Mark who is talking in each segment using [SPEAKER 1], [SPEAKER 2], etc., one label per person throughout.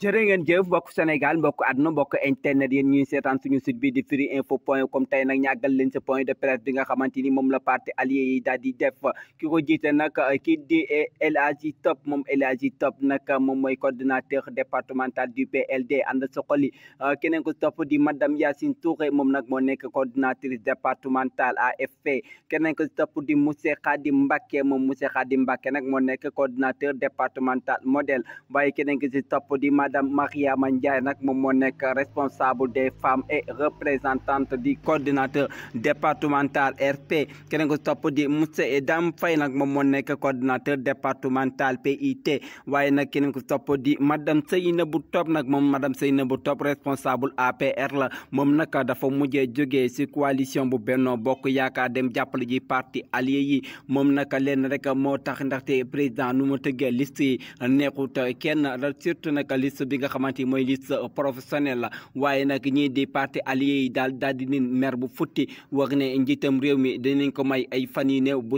[SPEAKER 1] jërë ngeen jëf mbokk Sénégal mbokk àdduna mbokk internet yéen ñuy seetaan suñu site bi di info point com tey nag ñàggal leen sa point de presse bi nga xamante ni moom la parti allié yi daal eh, di def eh, ki ko jiite nag kii di El Top moom El Top nag moom mooy eh, coordinateur départemental du PLD ànd soxali keneen ko topp di madame yasin Touré moom nag moo nekk coordinatrice départementale AFP keneen ko topp di Moussa Khadim Mbacké moom Moussa Khadim Mbacké nag moo nekk coordinateur départemental modèle waaye keneen ko si topp di madame Maria Mandia, nak moom responsable des femmes et représentante du coordinateur départemental RP keneen ko topp di monsieur Dame Faye nak moom coordinateur départemental PIT Waye nak keneen ko di madame Seynabou Top nak mom madame Seynabou Top responsable APR la moom nag dafa mujjee jógee ci coalition bu Benno Bokk Yaakaar dem di parti allié yi Mom nag len rek moo ndaxte président nu mo tëggee liste yi neexut surtout nag liste liste bi nga xamanteni moy liste professionnelle waye nak ñi ñii di parti alliés dal dal di mer bu futti wax ne njiitam réew mi ko may ay fan yi bu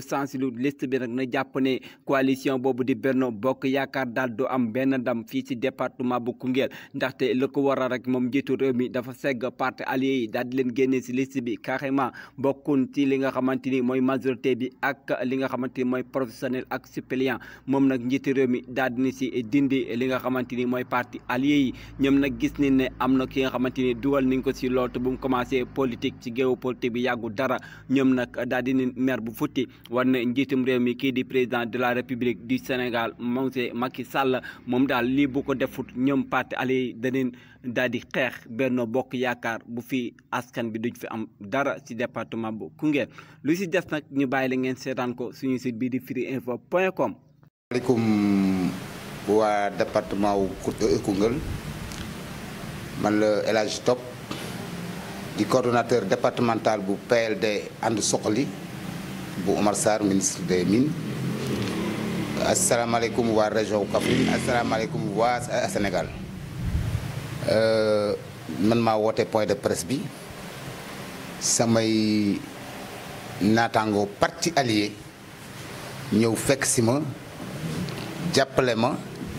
[SPEAKER 1] liste bi nak na japp ne coalition bobu di berno bok Yaakaar dal du am ben ndam fi ci département bu Koungheul ndaxte le ko waral rek mom njiitu réew mi dafa segg parti alliés dal di leen génné ci liste bi carrément bokkun ci li nga xamanteni moy majorité bi ak li nga xamanteni moy professionnel ak suppléant mom nak njiitu réew mi di ni ci dindi li nga xamanteni moy parti ñetti alliés yi ñoom nag gis ni ne am na ki nga xamante ni dugal nañ ko si lool te bu mu commencé politique ci géopolitique bi yàggu dara ñoom nag daal di ne maire bu futti war na njiitum réew mi kii di président de la république du Sénégal monsieur Macky Sall moom daal lii bu ko defut ñoom parti alliés yi daneen daal di xeex benn Bokk Yaakaar bu fi askan bi duñ fi am dara ci département bu Koungheul lu si des nag ñu bàyyi la ngeen seetaan ko suñu site bii di firi info point com.
[SPEAKER 2] waa département wu euh, Koungheul man la El Top di coordonnateur départemental bu PLD ànd soxali bu Omar Sarr ministre de des mines asalaamaaleykum waa région Kaffrine asalaamaaleykum waa euh, Sénégal euh, man maa woote point de presse bi samay naataango parti allié ñëw fekk si ma jàppale ma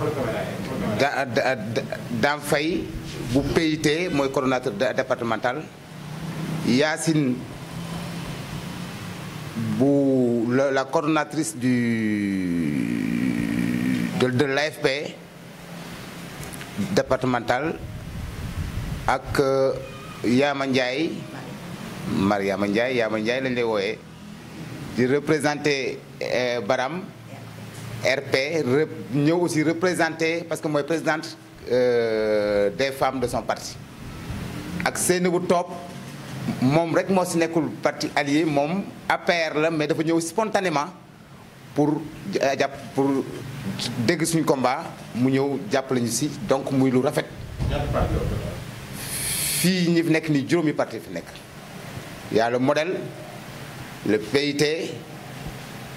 [SPEAKER 2] dans le pays vous PIT mon coordonnateur départemental Yacine la coordonnatrice du de l'AFP départemental et que y Mariama Ndiaye euh, Baram. RP nous aussi représentés parce que nous présidente euh, des femmes de son parti ak nouveaux Top nous rek moo si le parti allié moom APR mais nous ñëw spontanément pour euh, jàpp pour combat, nous combat mu ñëw ici, ici donc muy lu rafet. Fini ñi fi parti Il y a le modèle le PIT.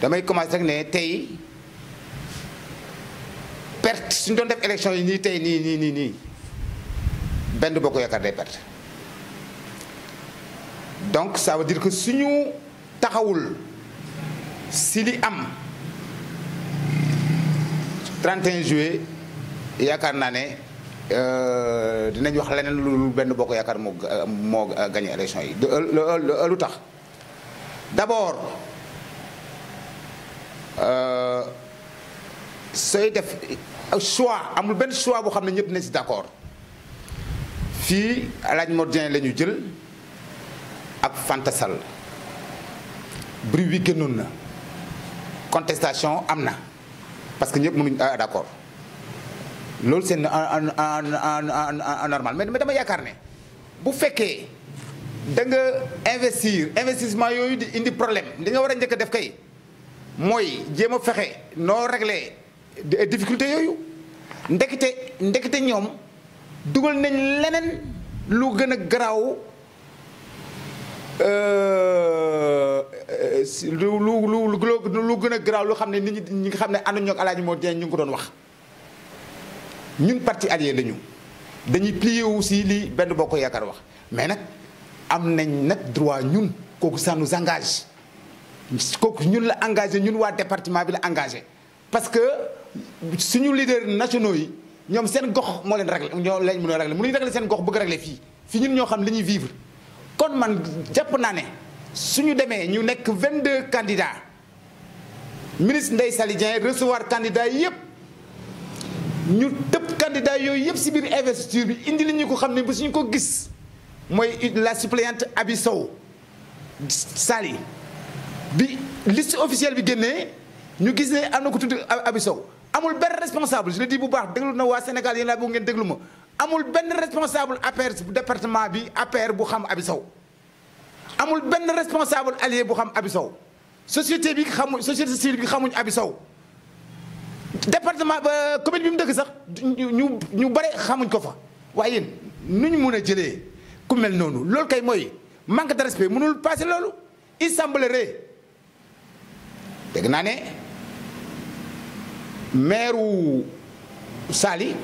[SPEAKER 2] damay commencé ak né tay perte suñu doon def élection yi ni tay ni ni ni ni benn boko yakar yaakaar perte donc ça veut dire que suñu taxawul si li am 31 juillet yaakaar né euh dinañ wax leneen lu benn boko yakar mo euh, mo gagner élection yi lu tax d'abord euh, sooy def euh, choix amul ben choix bo xam ñepp ñëpp ci d'accord fi El Hadj lañu jël ak Fanta bruit wi génnoon na contestation amna parce que ñepp mënuñ ah, d'accord loolu c'est normal mais dama yaakaar bu féké da nga investir investissement yoyu di indi problème da nga wara ñëk def kay. mooy jéem a fexe noo réglé difficulté yooyu ndekete ndekete ñoom dugal nañ leneen lu gën a garaaw euh, lu lu lu lu gën a garaaw xam ne nit ñi ñi nga xam ne ànduñu ak Alaaji Mor Dieng ñu ngi ko doon wax ñun parti allié lañu dañuy plié wu si lii benn boo ko yaakaar wax mais nag am nañ nag droit ñun kooku ça nous Nous nous la engagé le département parce que suñu leader nationaux ñom seen gox mo leen régler ñoo leen Nous régler mënu régler gox bëgg régler fi nous ñun ñoo xam vivre kon man japp nous 22 candidats ministre Ndeye Salidien recevoir candidats candidats yoy si biir investiture bi indi ko gis la suppléante Abissou Sali bi liste officielle bi génnee ñu gis ne am ko tudd abissaw amul ben responsable je le dis bu baax déglu na wa Sénégal yéen laa bëgg ngeen déglu ma amul ben responsable APR département bi APR bu xam abissaw amul ben responsable allié bu xam abissaw société bi xam société civile bi xamuñ abissaw département euh, commune bi mu dëkk sax ñu ñu bari xamuñ ko fa waye yéen nu ñu mun a ku mel nonu lool kay moy manque de respect mënul passer loolu il semblerait dégg naa ne maire wu Saly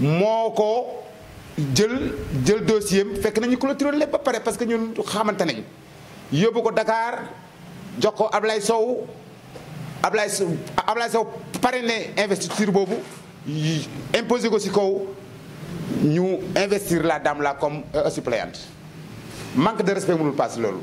[SPEAKER 2] moo ko jël jël dossier fekk nañu clôturer lépp ba pare parce que ñun xamante nañu yóbbu ko dakaar jox ko Ablaye Sow Ablaye Sow Ablaye pare ne investiture boobu imposé ko ci kaw ñu investir la daam la comme euh, suppléante manque de respect mënul passe loolu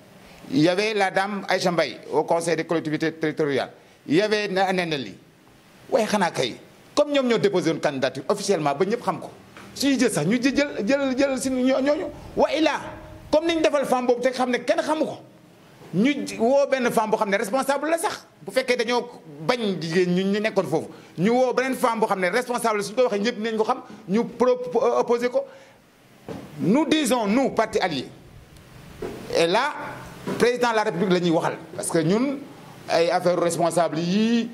[SPEAKER 2] Il y avait la dame Aïcha au conseil des collectivités territoriales. Il y avait Neneli. Oui, comme nous avons déposé une candidature officiellement, nous Si je dis ça, nous disons que comme nous avons fait femme, nous nous avons femme responsable femme responsable nous disons nous parti et là président de la république la ñuy waxal parce que ñun ay affaire responsable yi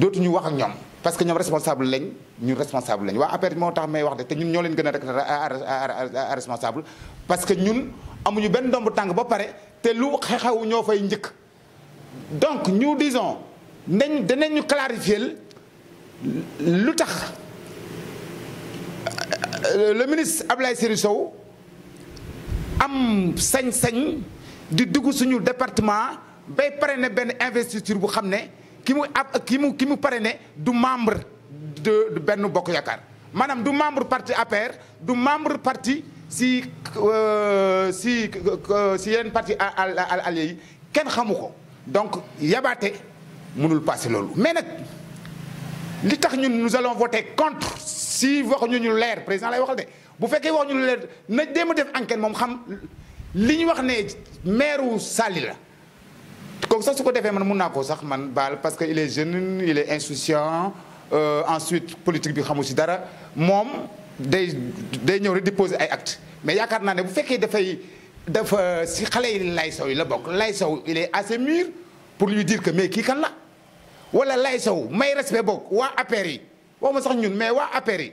[SPEAKER 2] yii ñu wax ak ñom parce que ñom responsable lañ ñun responsable lañ wa APR moo tax may wax de té ñun ñoo leen gën rek responsable parce que ñun amuñu ben ndomb tang ba paré té lu xew ñoo fay njëkk donc ñu disons nañ ñu clarifier lu tax euh, le ministre Abdoulaye Sirissou am sañ-sañ di dugg suñu département bay parrainer ben investiture bu xamné ne ki mu ab ki mu ki mu parrainer du membre de ben bokk yakar manam du membre parti APR du membre parti si euh, si euh, si yeneen parti allié ken xamuko donc yabaté mënul passé loolu mais nak li tax ñun nous allons voter contre si waxuñu ñu leer président lay waxal dé bu féké waxuñu ñu leer na dem def enquête mom xam li ñu wax né maire salila comme ça sax su ko defee man mun naa ko sax man bal parce que il est jeune il est insouciant euh, ensuite politique bi xamul ci dara mom day day ñëw rek déposer ay acte mais yaakaar naa ne bu fekkee dafay dafa ci xale yi lay sow la bok lay sow il est assez mûr pour lui dire que mais ki kan la wala lay sow may respect bok wa APR wa waxuma sax ñun mais wa APR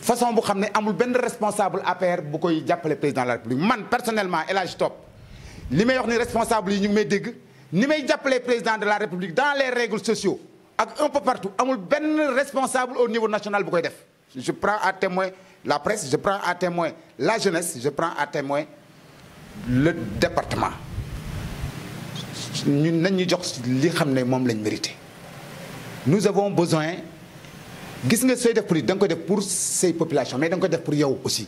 [SPEAKER 2] façon bu xamné amul ben responsable APR bu koy jappalé président de la république man personnellement Elage Top limay may wax ni responsable yi ñu may dégg ni may président de la république dans les règles sociaux ak un peu partout amul ben responsable au niveau national bu koy def je prends à témoin la presse je prends à témoin la jeunesse je prends à témoin le département ñun nañ ñu jox li xamné mom lañ mérité nous avons besoin gis nga sooy def politique dang ko def pour ces populations, mais dang ko def pour yow aussi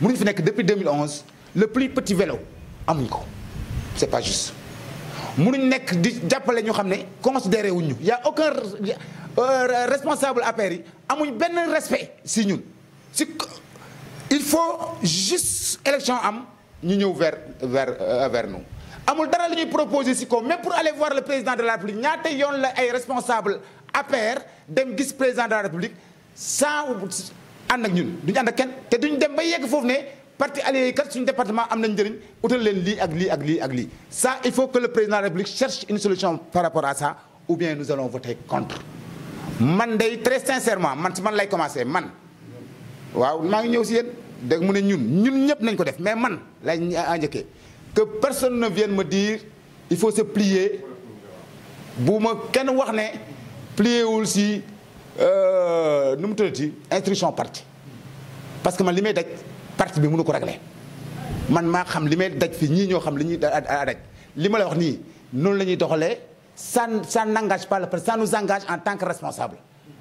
[SPEAKER 2] mënuñ fi que depuis 2011 le plus petit vélo amuñ ko c'est pas juste mënuñ nek di jappalé ñu xamné considéré wuñ ñu y a aucun euh, responsable APR yi amuñ ben respect si ñun si il faut juste élection am ñu ñëw vers vers euh, vers nous amul dara li ñuy proposer ko mais pour aller voir le président de la République ñaata yon la ay responsable APR dem gis président de la république sans and ak ñun duñ and ak ken té duñ dem ba yegg fofu né parti allié kat suñu département am nañ njëriñ utal leen li ak li ak li ak li ça il faut que le président de la république cherche une solution par rapport à ça ou bien nous allons voter contre man day très sincèrement man si man lay commencer man waaw ma ngi ñëw si yéen dégg mu ne ñun ñun ñëpp nañ ko def mais man lay njëkkee que personne ne vienne me dire il faut se plier buma kenn wax né aussi, nous euh, nu mu tuddati instruction parti parce que man li daj parti bi mënu ko régler man ma xam limay daj fi ñi ñoo xam li ñuy daj li la wax ni non la ñuy ça ça n'engage pas le parti ça nous engage en tant que responsable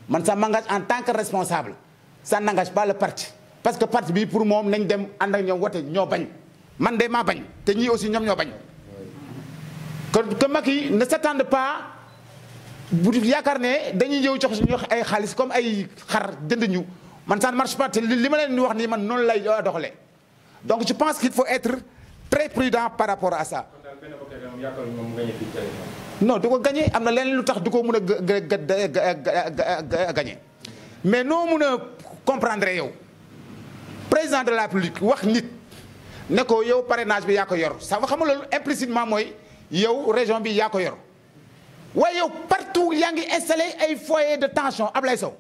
[SPEAKER 2] man ça m'engage en tant que responsable ça n'engage pas le parti parce que parti bi pour mom nañ dem and ak ñom wote ñoo bañ man de ma bañ te ñi aussi ñom ñoo bañ kon que Macky ne s'attendent pas bu yaakaar ne dañuy ñëw jox wax ay xaalis comme ay xar jënd ñu man ça ne marche pas te li ma wax nii man non, lay euh, doxalee donc je pense qu'il faut être très prudent par rapport à ça. non du ko gagné am na leneen lu tax du ko mën gagné mais noo mën a comprendre yow président de la République wax nit ne ko yow parrainage bi yaa ko yor ça va implicitement moy yow région bi yaa ko yor waaye yow partout yaa ngi installé ay foyer de tension Ablaye Sow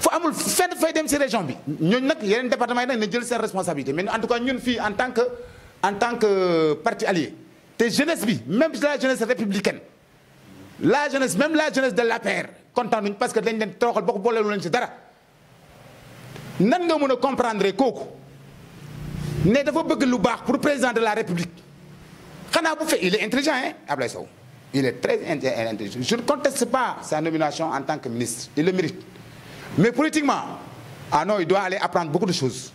[SPEAKER 2] fu amul fenn fay dem ci région bi ñooñu nag yeneen département yi ne na jël seen responsabilité mais en tout cas ñun fille en tant que en tant que euh, parti allié te jeunesse bi même la jeunesse républicaine la jeunesse même la jeunesse de la kontaan nañu parce que dañ leen tooxal bokk pour leen ci dara nan nga mën comprendre ne dafa bëgg lu baax pour président de la république bu il est intelligent hein il est très intelligent je ne conteste pas sa nomination en tant que ministre il le mérite mais politiquement ah non il doit aller apprendre beaucoup de choses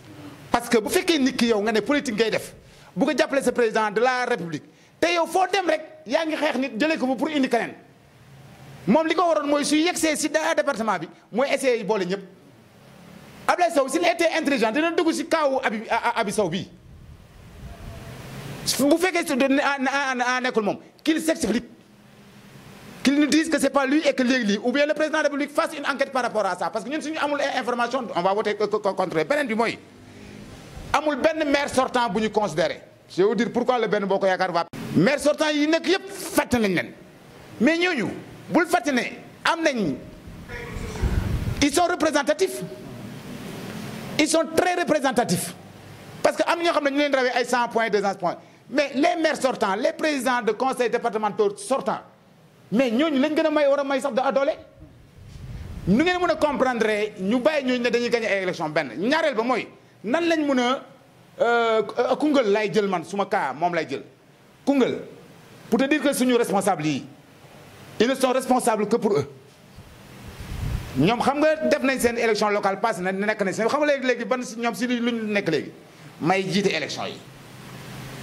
[SPEAKER 2] parce que bu fekkee nit ki yow nga ne politique ngay def bu président de la république te yow foo dem rek yaa ngi xeex nit pour indi canne. moom li ko moy mooy su yegsee si département bi moy essayer bolé ñep Ablaye Sow s'il était intelligent dina dugg si kaw Abi Abi Sow bi vous vous question de ne école moom qu'il s'explique qu'il nous dise que ce n'est pas lui et que l'église ou bien le président de la République fasse une enquête par rapport à ça parce que nous avons des information on va voter contre Il du moins, amul Ben maire sortant bu ñu considéré je vous dire pourquoi le Ben Boko Yakar va maire sortant il nekk yëpp fàtte nañ mais nous, vous le faites, am ils sont représentatifs ils sont très représentatifs parce que am na 100 points 200 points mais les maires sortants les présidents de conseils départementaux sortants mais nous, nous gën nous may Nous, nous may sax da comprendre ñu nous ñooñu ne dañuy gagné ay élection benn ñaareel ba mooy nan lañ mën a euh, Koungheul lay jël man suma kaa lay jël pour te dire que suñu responsable responsables. ils ne sont responsables que pour eux Nous, xam nga def nañ élection locale passé na nekk nañ seen xam nga léegi léegi ban si avons si luñ nekk léegi may jiite élection yi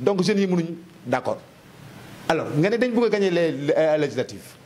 [SPEAKER 2] donc je dis d'accord. D'accord. alors vous pouvez gagner à les euh, législatives